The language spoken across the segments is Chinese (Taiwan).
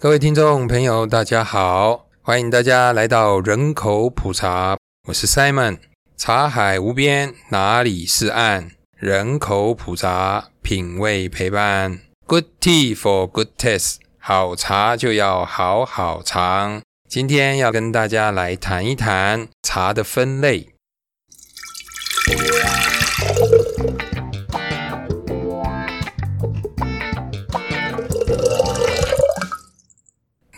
各位聽眾朋友，大家好，歡迎大家來到人口普茶。我是 Simon，茶海無邊，哪裡是岸？人口普茶，品味陪伴。Good tea for good taste，好茶就要好好嘗。今天要跟大家來談一談茶的分類。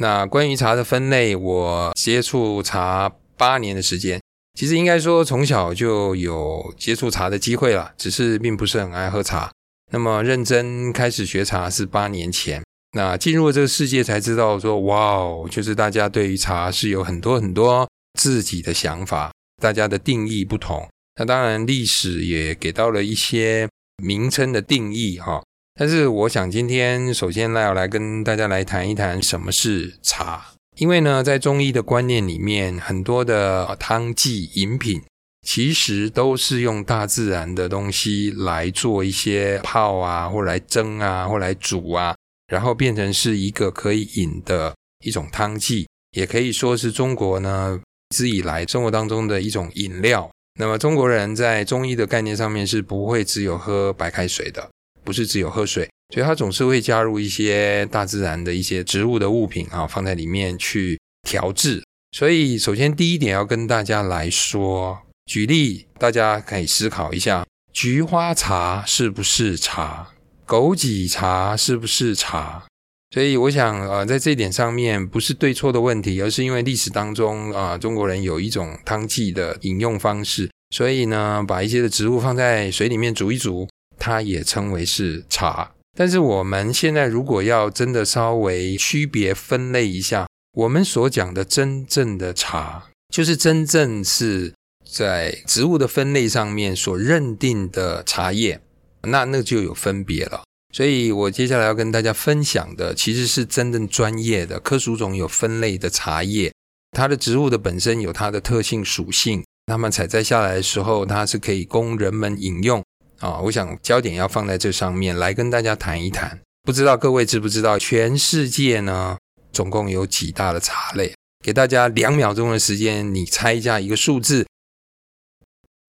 那關於茶的分類，我接觸茶八年的時間，其實應該說從小就有接觸茶的機會了，只是並不是很愛喝茶。那麼認真開始學茶是八年前，那進入了這個世界才知道說，哇哦，就是大家對於茶是有很多很多自己的想法，大家的定義不同。那當然歷史也給到了一些名稱的定義哈。但是我想，今天首先呢，要來跟大家來談一談什麼是茶，因為呢，在中醫的觀念裡面，很多的湯劑飲品其實都是用大自然的東西來做一些泡啊，或來蒸啊，或來煮啊，然後變成是一個可以飲的一種湯劑，也可以說是中國呢一直以來生活當中的一種飲料。那麼中國人在中醫的概念上面是不會只有喝白開水的。不是只有喝水，所以它總是會加入一些大自然的一些植物的物品啊，放在裡面去調制。所以，首先第一點要跟大家來說，舉例，大家可以思考一下：菊花茶是不是茶？枸杞茶是不是茶？所以，我想啊、呃，在這一點上面，不是對錯的問題，而是因為歷史當中啊、呃，中國人有一種湯劑的飲用方式，所以呢，把一些的植物放在水裡面煮一煮。它也稱為是茶，但是我們現在如果要真的稍微區別分類一下，我們所講的真正的茶，就是真正是在植物的分類上面所認定的茶葉，那那就有分別了。所以我接下來要跟大家分享的，其實是真正專業的科屬種有分類的茶葉，它的植物的本身有它的特性屬性，那麼採摘下來的時候，它是可以供人們飲用。啊、哦，我想焦點要放在這上面來跟大家談一談。不知道各位知不知道，全世界呢總共有幾大的茶類？給大家兩秒鐘的時間，你猜一下一個數字。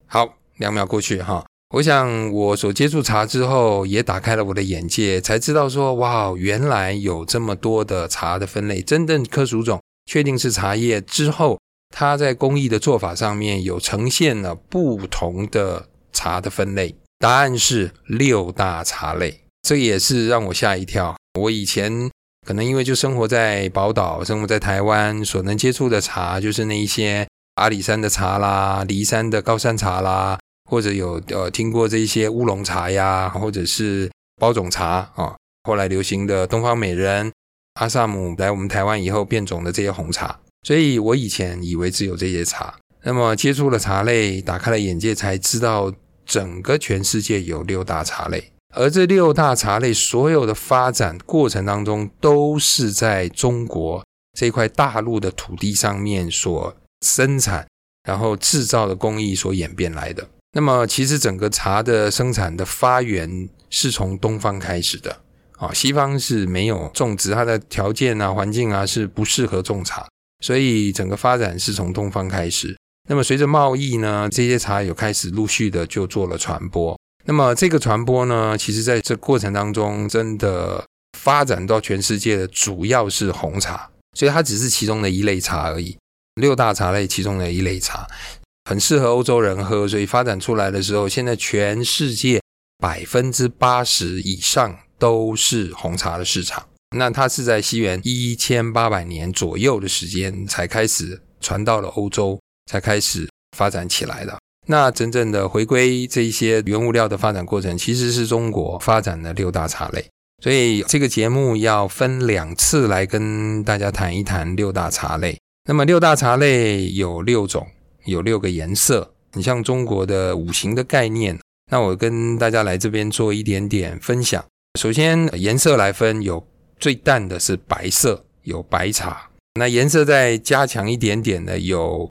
好，兩秒過去哈、哦。我想我所接觸茶之後，也打開了我的眼界，才知道說哇，原來有這麼多的茶的分類。真正科屬種確定是茶葉之後，它在工藝的做法上面有呈現了不同的茶的分類。答案是六大茶類，這也是讓我嚇一跳。我以前可能因為就生活在寶島，生活在台灣，所能接觸的茶就是那一些阿里山的茶啦、梨山的高山茶啦，或者有呃聽過這一些烏龍茶呀，或者是包種茶啊、哦。後來流行的東方美人、阿薩姆來我們台灣以後變種的這些紅茶，所以我以前以為只有這些茶。那麼接觸了茶類，打開了眼界，才知道。整個全世界有六大茶類，而這六大茶類所有的發展過程當中，都是在中國這塊大陸的土地上面所生產，然後製造的工藝所演變來的。那麼，其實整個茶的生產的發源是從東方開始的。啊，西方是沒有種植，它的條件啊，環境啊是不適合種茶，所以整個發展是從東方開始。那麼隨着貿易呢，這些茶有開始陸續的就做了傳播。那麼這個傳播呢，其實在這過程當中，真的發展到全世界的主要是紅茶，所以它只是其中的一類茶而已。六大茶類其中的一類茶，很適合歐洲人喝，所以發展出來的時候，現在全世界百分之八十以上都是紅茶的市場。那它是在西元一千八百年左右的時間才開始傳到了歐洲。才開始發展起來了。那真正的回歸這一些原物料的發展過程，其實是中國發展的六大茶類。所以這個節目要分兩次來跟大家談一談六大茶類。那麼六大茶類有六種，有六個顏色。你像中國的五行的概念，那我跟大家來這邊做一點點分享。首先顏色來分，有最淡的是白色，有白茶。那顏色再加強一點點的有。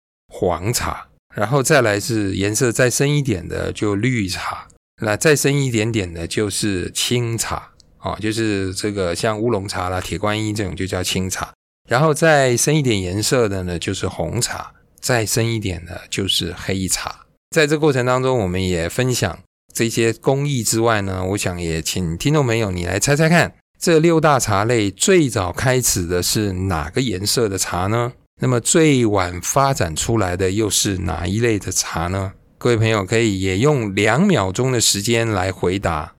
黃茶，然後再來是顏色再深一點的就綠茶，那再深一點點的就是青茶，啊、哦，就是這個像烏龍茶啦、鐵觀音這種就叫青茶，然後再深一點顏色的呢，就是紅茶，再深一點的就是黑茶。在這過程當中，我們也分享這些工藝之外呢，我想也請聽眾朋友你來猜猜看，這六大茶類最早開始的是哪個顏色的茶呢？那麼最晚發展出來的又是哪一類的茶呢？各位朋友可以也用兩秒鐘的時間來回答。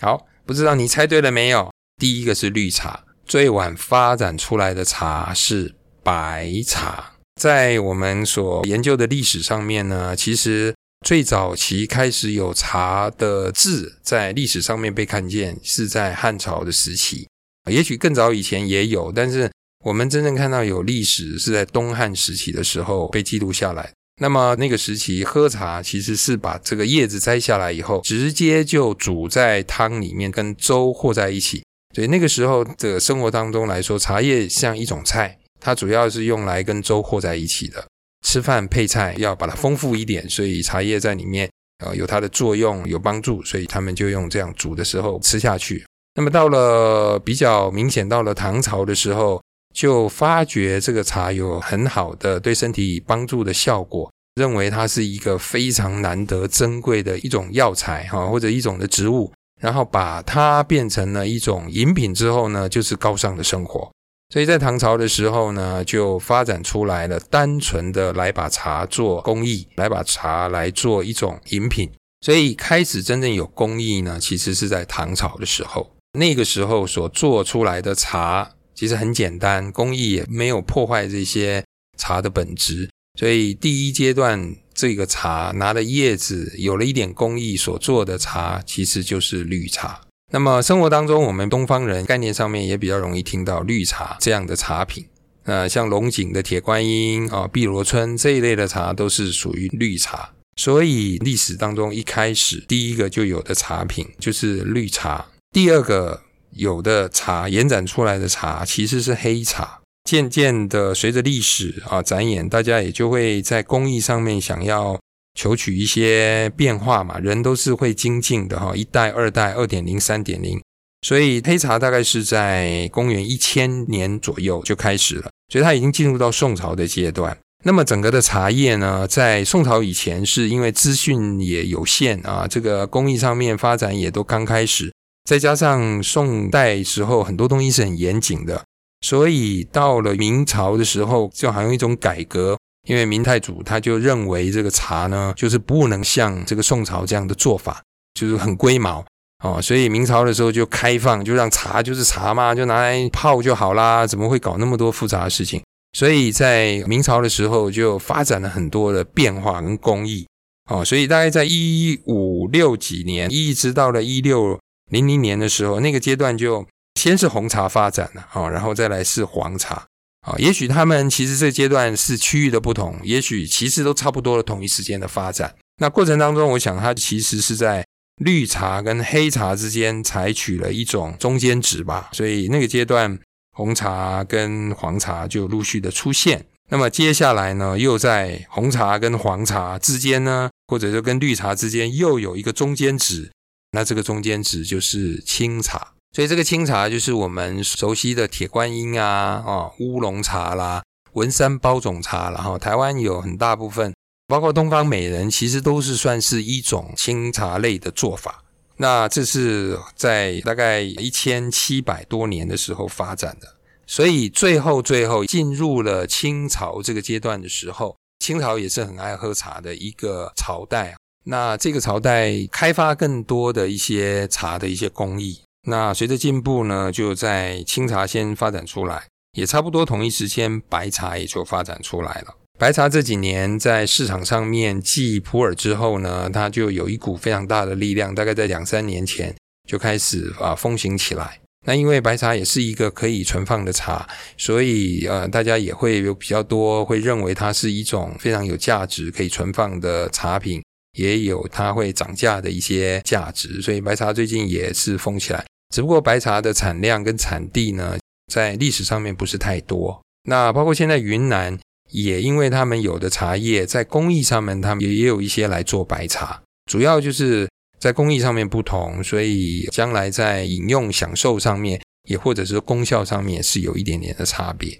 好，不知道你猜對了沒有？第一個是綠茶，最晚發展出來的茶是白茶。在我們所研究的歷史上面呢，其實最早期開始有茶的字在歷史上面被看見，是在漢朝的時期，也許更早以前也有，但是。我們真正看到有歷史是在東漢時期的時候被記錄下來。那麼那個時期喝茶其實是把這個葉子摘下來以後，直接就煮在湯裡面，跟粥和在一起。所以那個時候的生活當中來說，茶葉像一種菜，它主要是用來跟粥和在一起的。吃飯配菜要把它豐富一點，所以茶葉在裡面呃有它的作用，有幫助，所以他們就用這樣煮的時候吃下去。那麼到了比較明顯，到了唐朝的時候。就發覺這個茶有很好的對身體幫助的效果，認為它是一個非常難得珍貴的一種藥材哈，或者一種的植物，然後把它變成了一種飲品之後呢，就是高尚的生活。所以在唐朝的時候呢，就發展出來了單純的來把茶做工藝，來把茶來做一種飲品。所以開始真正有工藝呢，其實是在唐朝的時候，那個時候所做出來的茶，其實很簡單，工藝也沒有破壞這些茶的本質，所以第一階段這個茶拿的葉子有了一點工藝所做的茶，其實就是綠茶。那麼生活當中，我們東方人概念上面也比較容易聽到綠茶這樣的茶品，呃，像龍井的鐵觀音啊、呃、碧螺春這一類的茶都是屬於綠茶。所以歷史當中一開始第一個就有的茶品就是綠茶，第二個。有的茶延展出來的茶其實是黑茶，漸漸的隨着歷史啊展演，大家也就會在工藝上面想要求取一些變化嘛。人都是會精進的哈，一代、二代、二點零、三點零，所以黑茶大概是在公元一千年左右就開始了，所以它已經進入到宋朝的階段。那麼整個的茶葉呢，在宋朝以前是因為資訊也有限啊，這個工藝上面發展也都剛開始。再加上宋代時候很多東西是很嚴謹的，所以到了明朝的時候就好像一種改革，因為明太祖他就認為這個茶呢就是不能像這個宋朝這樣的做法，就是很龜毛哦，所以明朝的時候就開放，就讓茶就是茶嘛，就拿來泡就好啦，怎麼會搞那麼多複雜的事情？所以在明朝的時候就發展了很多的變化跟工藝哦，所以大概在一五六幾年一直到了一六。零零年的時候，那個階段就先是紅茶發展了好，然後再來是黃茶啊。也許他們其實這個階段是區域的不同，也許其實都差不多的同一時間的發展。那過程當中，我想它其實是在綠茶跟黑茶之間採取了一種中間值吧，所以那個階段紅茶跟黃茶就陸續的出現。那麼接下來呢，又在紅茶跟黃茶之間呢，或者說跟綠茶之間又有一個中間值。那這個中間值就是清茶，所以這個清茶就是我們熟悉的鐵觀音啊，啊烏龍茶啦，文山包種茶啦，然後台灣有很大部分，包括東方美人，其實都是算是一種清茶類的做法。那這是在大概一千七百多年的時候發展的，所以最後最後進入了清朝這個階段的時候，清朝也是很愛喝茶的一個朝代啊。那這個朝代開發更多的一些茶的一些工藝。那隨着進步呢，就在青茶先發展出來，也差不多同一時間，白茶也就發展出來了。白茶這幾年在市場上面繼普洱之後呢，它就有一股非常大的力量，大概在兩三年前就開始啊風行起來。那因為白茶也是一個可以存放的茶，所以呃，大家也會有比較多會認為它是一種非常有價值可以存放的茶品。也有它會漲價的一些價值，所以白茶最近也是瘋起來。只不過白茶的產量跟產地呢，在歷史上面不是太多。那包括現在雲南也，因為他們有的茶葉在工藝上面，他們也也有一些來做白茶，主要就是在工藝上面不同，所以將來在飲用、享受上面，也或者是功效上面是有一點點的差別。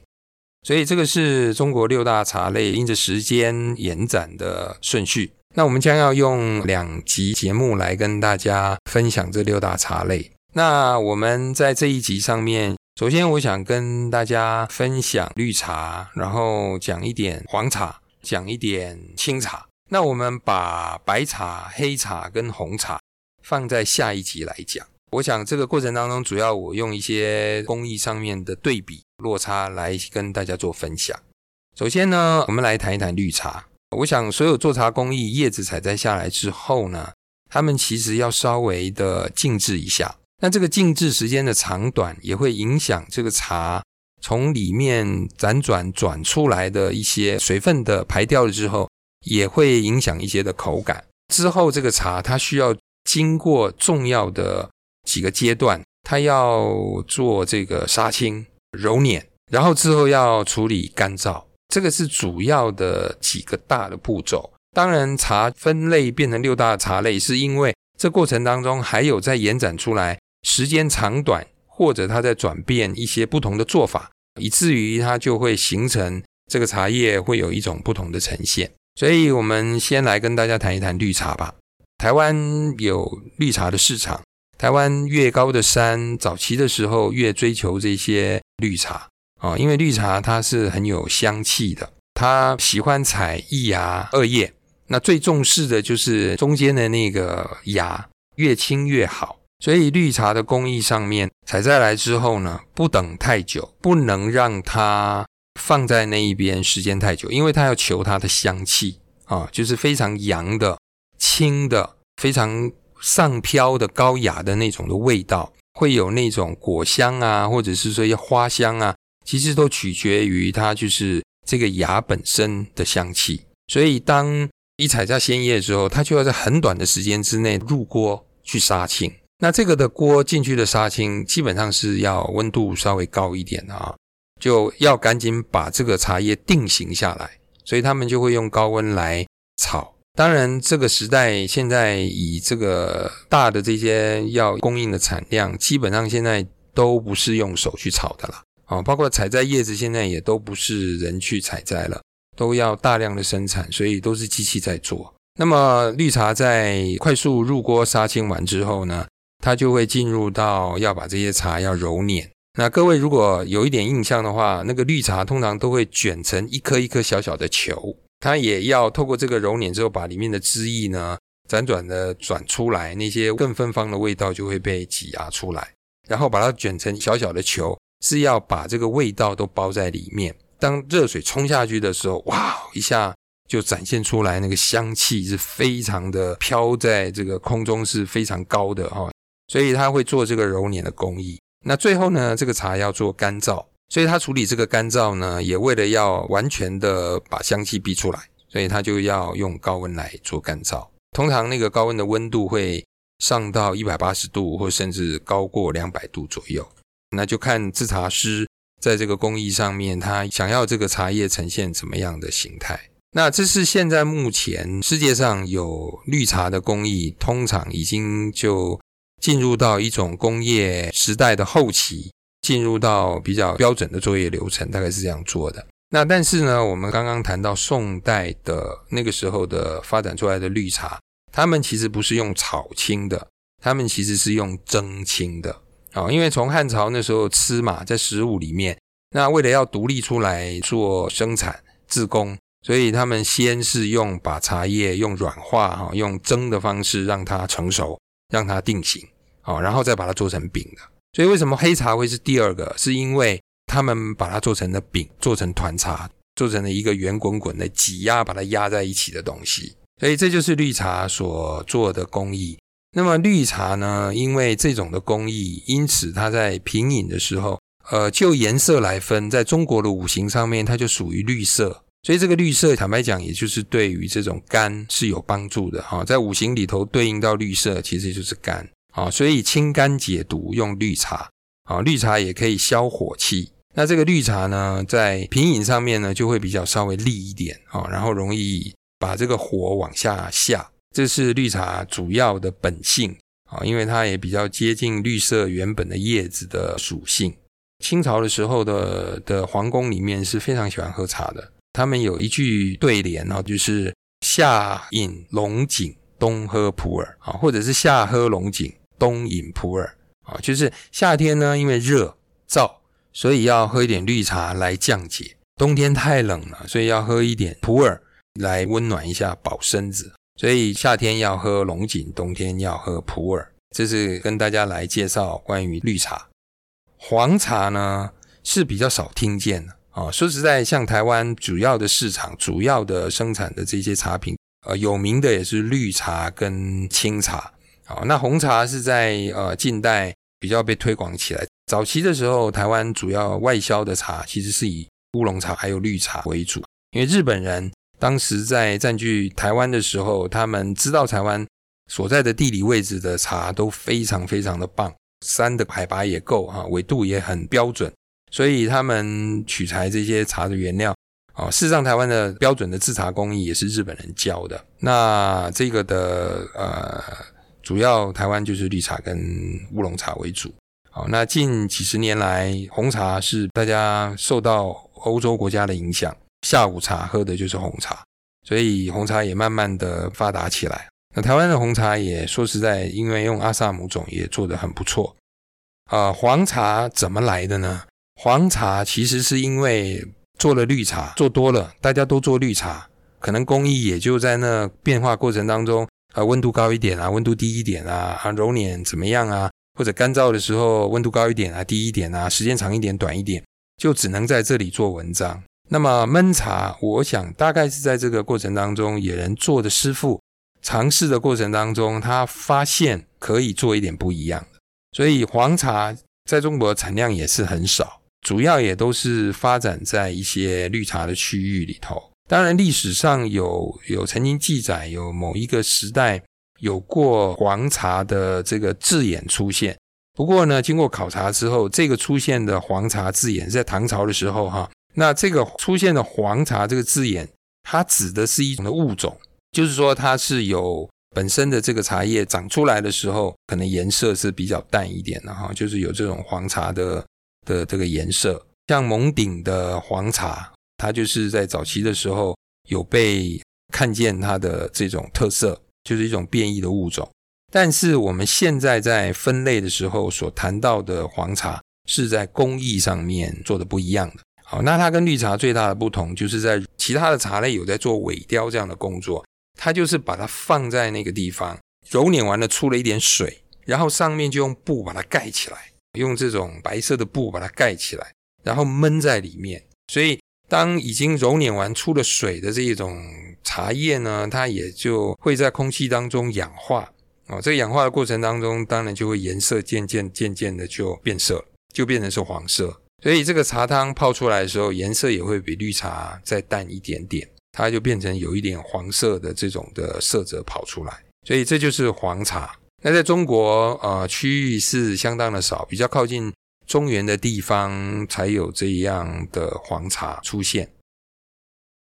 所以這個是中國六大茶類，因著時間延展的順序。那我們將要用兩集節目來跟大家分享這六大茶類。那我們在這一集上面，首先我想跟大家分享綠茶，然後講一點黃茶，講一點青茶。那我們把白茶、黑茶跟紅茶放在下一集來講。我想這個過程當中，主要我用一些工藝上面的對比落差來跟大家做分享。首先呢，我們來談一談綠茶。我想，所有做茶工藝，葉子採摘下來之後呢，他們其實要稍微的靜置一下。那這個靜置時間的長短也會影響這個茶從裡面輾轉轉出來的一些水分的排掉了之後，也會影響一些的口感。之後這個茶它需要經過重要的幾個階段，它要做這個殺青、揉捻，然後之後要處理乾燥。這個是主要的幾個大的步驟。當然，茶分類變成六大的茶類，是因為這過程當中還有在延展出來，時間長短或者它在轉變一些不同的做法，以至於它就會形成這個茶葉會有一種不同的呈現。所以，我們先來跟大家談一談綠茶吧。台灣有綠茶的市場，台灣越高的山，早期的時候越追求這些綠茶。哦，因為綠茶它是很有香氣的，它喜歡採一芽二葉，那最重視的就是中間的那個芽，越輕越好。所以綠茶的工藝上面，採摘來之後呢，不等太久，不能讓它放在那一邊時間太久，因為它要求它的香氣啊、哦，就是非常揚的、輕的、非常上飄的、高雅的那種的味道，會有那種果香啊，或者是說一些花香啊。其實都取決於它就是這個芽本身的香氣，所以當一採摘鮮葉的時候，它就要在很短的時間之內入鍋去殺青。那這個的鍋進去的殺青，基本上是要溫度稍微高一點的啊，就要趕緊把這個茶葉定型下來。所以他們就會用高溫來炒。當然，這個時代現在以這個大的這些要供應的產量，基本上現在都不是用手去炒的了。哦，包括採摘葉子，現在也都不是人去採摘了，都要大量的生產，所以都是機器在做。那麼綠茶在快速入鍋殺青完之後呢，它就會進入到要把這些茶要揉捻。那各位如果有一點印象的話，那個綠茶通常都會捲成一顆一顆小小的球，它也要透過這個揉捻之後，把裡面的汁液呢，輾轉轉的轉出來，那些更芬芳的味道就會被擠壓出來，然後把它捲成小小的球。是要把這個味道都包在裡面，當熱水沖下去的時候，哇，一下就展現出來那個香氣，是非常的飄在這個空中，是非常高的哈、哦。所以他會做這個揉捻的工藝。那最後呢，這個茶要做乾燥，所以他處理這個乾燥呢，也為了要完全的把香氣逼出來，所以他就要用高溫來做乾燥。通常那個高溫的溫度會上到一百八十度，或甚至高過兩百度左右。那就看制茶師在這個工藝上面，他想要這個茶葉呈現怎麼樣的形態。那這是現在目前世界上有綠茶的工藝，通常已經就進入到一種工業時代的後期，進入到比較標準的作業流程，大概是這樣做的。那但是呢，我們剛剛談到宋代的那個時候的發展出來的綠茶，他們其實不是用炒青的，他們其實是用蒸青的。啊，因為從漢朝那時候吃嘛，在食物裡面，那為了要獨立出來做生產自工，所以他們先是用把茶葉用軟化哈，用蒸的方式讓它成熟，讓它定型，好，然後再把它做成餅的。所以為什麼黑茶會是第二個，是因為他們把它做成了餅，做成團茶，做成了一個圓滾滾的擠壓把它壓在一起的東西。所以這就是綠茶所做的工藝。那麼綠茶呢？因為這種的工藝，因此它在品飲的時候，呃，就顏色來分，在中國的五行上面，它就屬於綠色。所以這個綠色，坦白講，也就是對於這種肝是有幫助的哈、哦。在五行裡頭對應到綠色，其實就是肝啊、哦，所以清肝解毒用綠茶啊、哦，綠茶也可以消火氣。那這個綠茶呢，在品飲上面呢，就會比較稍微利一點啊、哦，然後容易把這個火往下下。這是綠茶主要的本性啊，因為它也比較接近綠色原本的葉子的屬性。清朝的時候的的皇宮裡面是非常喜歡喝茶的，他們有一句對聯哦，就是“夏飲龍井，冬喝普洱”啊，或者是“夏喝龍井，冬飲普洱”啊，就是夏天呢，因為熱燥，所以要喝一點綠茶來降解；冬天太冷了，所以要喝一點普洱來溫暖一下，保身子。所以夏天要喝龍井，冬天要喝普洱。這是跟大家來介紹關於綠茶、黃茶呢是比較少聽見的啊、哦。說實在，像台灣主要的市場、主要的生產的這些茶品，呃，有名的也是綠茶跟青茶。好、哦，那紅茶是在呃近代比較被推廣起來。早期的時候，台灣主要外銷的茶其實是以烏龍茶還有綠茶為主，因為日本人。當時在佔據台灣的時候，他們知道台灣所在的地理位置的茶都非常非常的棒，山的海拔也夠哈，緯度也很標準，所以他們取材這些茶的原料啊。事實上，台灣的標準的制茶工藝也是日本人教的。那這個的呃，主要台灣就是綠茶跟烏龍茶為主。好，那近幾十年來，紅茶是大家受到歐洲國家的影響。下午茶喝的就是紅茶，所以紅茶也慢慢的發達起來。那台灣的紅茶也說實在，因為用阿薩姆種也做得很不錯。啊、呃，黃茶怎麼來的呢？黃茶其實是因為做了綠茶做多了，大家都做綠茶，可能工藝也就在那變化過程當中啊，呃、溫度高一點啊，溫度低一點啊，啊揉捻怎麼樣啊，或者乾燥的時候溫度高一點啊，低一點啊，時間長一點，短一點，就只能在這裡做文章。那麼，悶茶，我想大概是在這個過程當中，野人做的師傅嘗試的過程當中，他發現可以做一點不一樣的。所以，黃茶在中國產量也是很少，主要也都是發展在一些綠茶的區域裡頭。當然，歷史上有有曾經記載，有某一個時代有過黃茶的這個字眼出現。不過呢，經過考察之後，這個出現的黃茶字眼是在唐朝的時候，哈。那這個出現的“黃茶”這個字眼，它指的是一種的物種，就是說它是有本身的這個茶葉長出來的時候，可能顏色是比較淡一點的哈，就是有這種黃茶的的這個顏色。像蒙頂的黃茶，它就是在早期的時候有被看見它的這種特色，就是一種變異的物種。但是我們現在在分類的時候所談到的黃茶，是在工藝上面做的不一樣的。那它跟綠茶最大的不同，就是在其他的茶類有在做萎凋這樣的工作，它就是把它放在那個地方揉捻完了出了一點水，然後上面就用布把它蓋起來，用這種白色的布把它蓋起來，然後悶在裡面。所以當已經揉捻完出了水的這一種茶葉呢，它也就會在空氣當中氧化。哦，這個氧化的過程當中，當然就會顏色漸漸漸漸的就變色，就變成是黃色。所以這個茶湯泡出來的時候，顏色也會比綠茶再淡一點點，它就變成有一點黃色的這種的色澤跑出來。所以這就是黃茶。那在中國，呃，區域是相當的少，比較靠近中原的地方才有這樣的黃茶出現。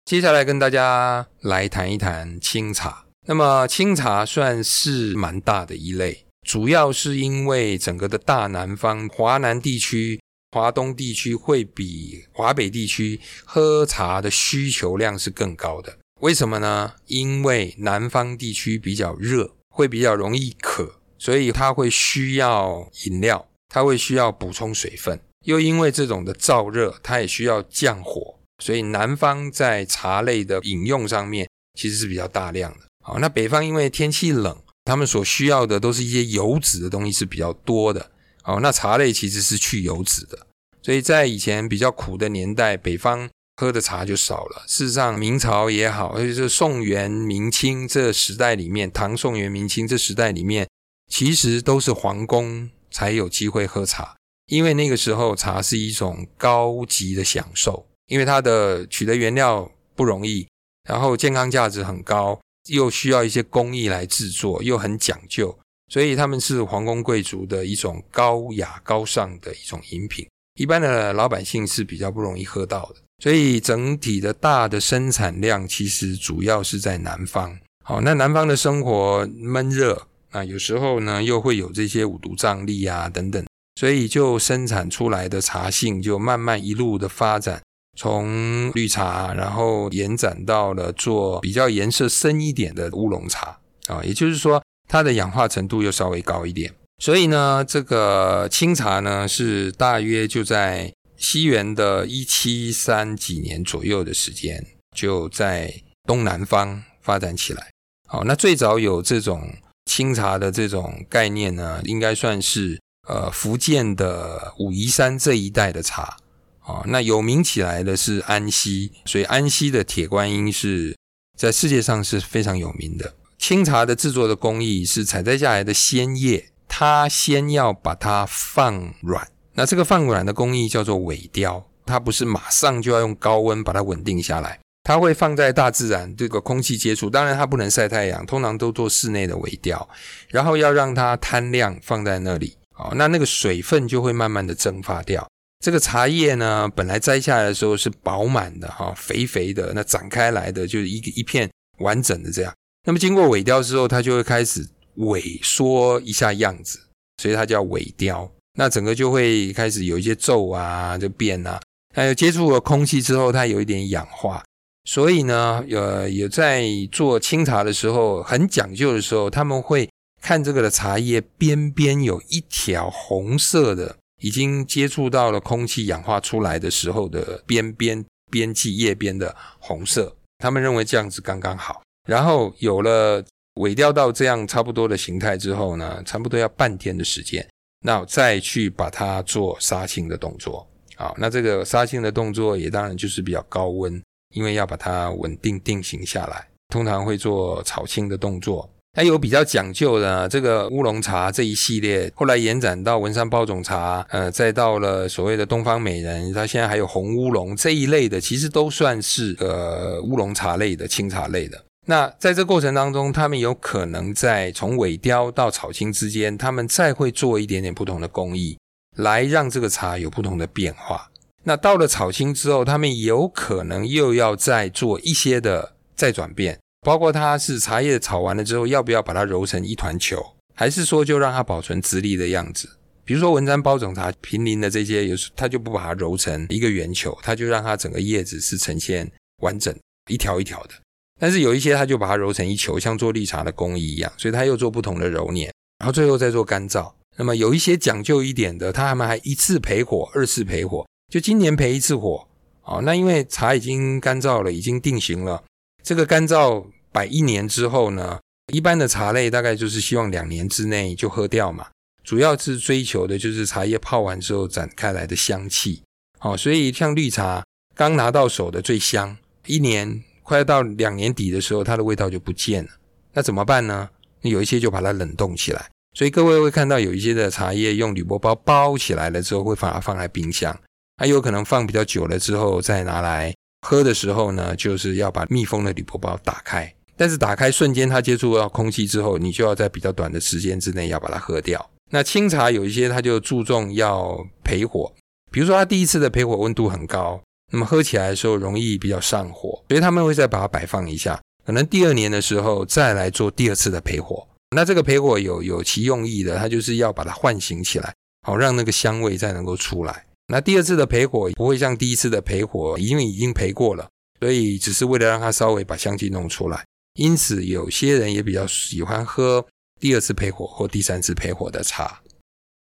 接下來跟大家來談一談青茶。那麼青茶算是蠻大的一類，主要是因為整個的大南方、華南地區。華東地區會比華北地區喝茶的需求量是更高的，為什麼呢？因為南方地區比較熱，會比較容易渴，所以它會需要飲料，它會需要補充水分。又因為這種的燥熱，它也需要降火，所以南方在茶類的飲用上面其實是比較大量的。好，那北方因為天氣冷，他們所需要的都是一些油脂的東西是比較多的。哦，那茶類其實是去油脂的，所以在以前比較苦的年代，北方喝的茶就少了。事實上，明朝也好，就是宋元明清這時代裡面，唐宋元明清這時代裡面，其實都是皇宮才有機會喝茶，因為那個時候茶是一種高級的享受，因為它的取得原料不容易，然後健康價值很高，又需要一些工藝來制作，又很講究。所以他們是皇宮貴族的一種高雅高尚的一種飲品，一般的老百姓是比較不容易喝到的。所以整體的大的生產量其實主要是在南方。好，那南方的生活悶熱，那有時候呢又會有這些五毒瘴癘啊等等，所以就生產出來的茶性就慢慢一路的發展，從綠茶，然後延展到了做比較顏色深一點的烏龍茶啊，也就是說。它的氧化程度又稍微高一點，所以呢，這個青茶呢是大約就在西元的一七三幾年左右的時間，就在東南方發展起來。好，那最早有這種青茶的這種概念呢，應該算是呃福建的武夷山這一帶的茶。啊，那有名起來的是安溪，所以安溪的鐵觀音是在世界上是非常有名的。青茶的製作的工藝是採摘下來的鮮葉，它先要把它放軟。那這個放軟的工藝叫做萎凋，它不是馬上就要用高溫把它穩定下來，它會放在大自然這個空氣接觸，當然它不能曬太陽，通常都做室內的萎凋，然後要讓它攤晾放在那裡。哦，那那個水分就會慢慢的蒸發掉。這個茶葉呢，本來摘下來的時候是飽滿的哈，肥肥的，那展開來的就是一一片完整的這樣。那麼經過萎凋之後，它就會開始萎縮一下樣子，所以它叫萎凋。那整個就會開始有一些皺啊，就變啊。還有接觸了空氣之後，它有一點氧化。所以呢，呃，有在做清茶的時候，很講究的時候，他們會看這個的茶葉邊邊有一條紅色的，已經接觸到了空氣氧化出來的時候的邊邊邊際葉邊的紅色，他們認為這樣子剛剛好。然後有了萎凋到這樣差不多的形態之後呢，差不多要半天的時間，那再去把它做殺青的動作。好，那這個殺青的動作也當然就是比較高溫，因為要把它穩定定型下來。通常會做炒青的動作。還有比較講究的呢，這個烏龍茶這一系列，後來延展到文山包種茶，呃，再到了所謂的東方美人，它現在還有紅烏龍這一類的，其實都算是呃烏龍茶類的青茶類的。那在這過程當中，他們有可能在從萎凋，到炒青之間，他們再會做一點點不同的工藝，來讓這個茶有不同的變化。那到了炒青之後，他們有可能又要再做一些的再轉變，包括它是茶葉炒完了之後，要不要把它揉成一團球，還是說就讓它保存直立的樣子？比如說文山包種茶、坪林的這些，有時他就不把它揉成一個圓球，他就讓它整個葉子是呈現完整一條一條的。但是有一些，他就把它揉成一球，像做綠茶的工藝一樣，所以他又做不同的揉捻，然後最後再做乾燥。那麼有一些講究一點的，他們還一次焙火，二次焙火，就今年焙一次火，哦。那因為茶已經乾燥了，已經定型了，這個乾燥擺一年之後呢，一般的茶類大概就是希望兩年之內就喝掉嘛。主要是追求的就是茶葉泡完之後展開來的香氣。哦，所以像綠茶剛拿到手的最香，一年。快到兩年底的時候，它的味道就不見了。那怎麼辦呢？有一些就把它冷凍起來。所以各位會看到有一些的茶葉用鋁箔包包起來了之後，會把它放在冰箱。還有可能放比較久了之後，再拿來喝的時候呢，就是要把密封的鋁箔包打開。但是打開瞬間，它接觸到空氣之後，你就要在比較短的時間之內要把它喝掉。那清茶有一些，它就注重要焙火，比如說它第一次的焙火溫度很高。那麼喝起來的時候容易比較上火，所以他們會再把它擺放一下，可能第二年的時候再來做第二次的焙火。那這個焙火有有其用意的，它就是要把它喚醒起來，好讓那個香味再能夠出來。那第二次的焙火不會像第一次的焙火，因為已經焙過了，所以只是為了讓它稍微把香氣弄出來。因此，有些人也比較喜歡喝第二次焙火或第三次焙火的茶。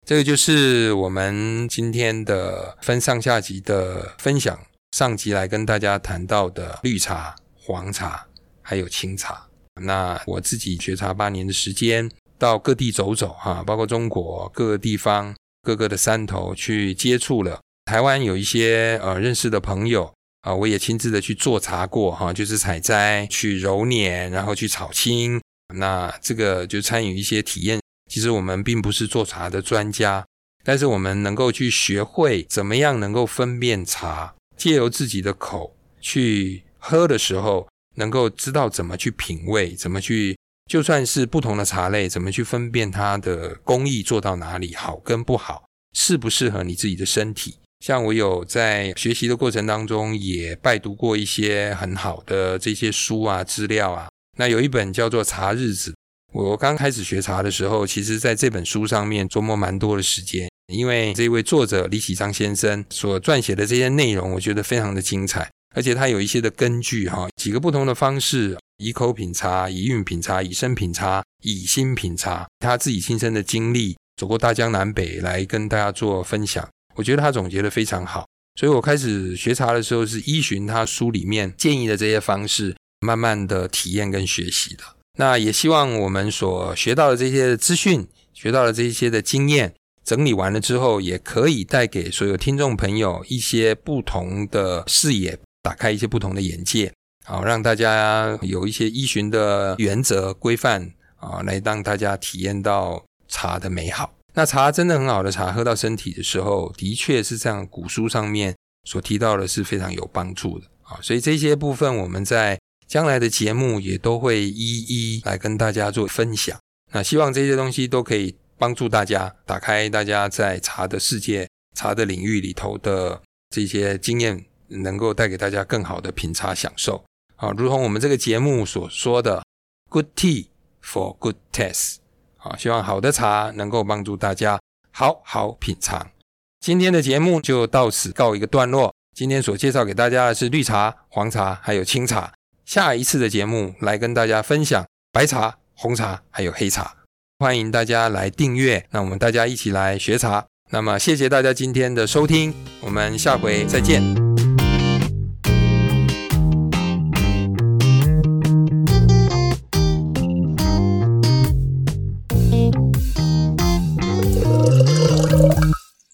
這個就是我們今天的分上下集的分享，上集來跟大家談到的綠茶、黃茶還有青茶。那我自己學茶八年的時間，到各地走走哈、啊，包括中國各個地方、各個的山頭去接觸了。台灣有一些呃認識的朋友啊、呃，我也親自的去做茶過哈、啊，就是採摘、去揉捻，然後去炒青。那這個就參與一些體驗。其實我們並不是做茶的專家，但是我們能夠去學會怎麼樣能夠分辨茶，借由自己的口去喝的時候，能夠知道怎麼去品味，怎麼去，就算是不同的茶類，怎麼去分辨它的工藝做到哪裡好跟不好，適不適合你自己的身體。像我有在學習的過程當中，也拜讀過一些很好的這些書啊、資料啊，那有一本叫做《茶日子》。我剛開始學茶的時候，其實在這本書上面琢磨蠻多的時間，因為這位作者李啟章先生所撰寫的這些內容，我覺得非常的精彩，而且他有一些的根據哈，幾個不同的方式：以口品茶、以韻品茶、以身品茶、以心品茶。他自己親身的經歷，走過大江南北來跟大家做分享。我覺得他總結的非常好，所以我開始學茶的時候，是依循他書裡面建議的這些方式，慢慢的體驗跟學習的。那也希望我們所學到的這些資訊，學到的這些的經驗，整理完了之後，也可以帶給所有聽眾朋友一些不同的視野，打開一些不同的眼界，好讓大家有一些依循的原則規範啊，來讓大家體驗到茶的美好。那茶真的很好的茶，喝到身體的時候，的確是這樣古書上面所提到的是非常有幫助的啊。所以這些部分我們在。將來的節目也都會一一來跟大家做分享。那希望這些東西都可以幫助大家打開大家在茶的世界、茶的領域裡頭的這些經驗，能夠帶給大家更好的品茶享受。好，如同我們這個節目所說的 “Good tea for good taste”。好，希望好的茶能夠幫助大家好好品嚐。今天的節目就到此告一個段落。今天所介紹給大家的是綠茶、黃茶還有青茶。下一次的節目來跟大家分享白茶、紅茶還有黑茶，歡迎大家來訂閱，讓我們大家一起來學茶。那麼謝謝大家今天的收聽，我們下回再見。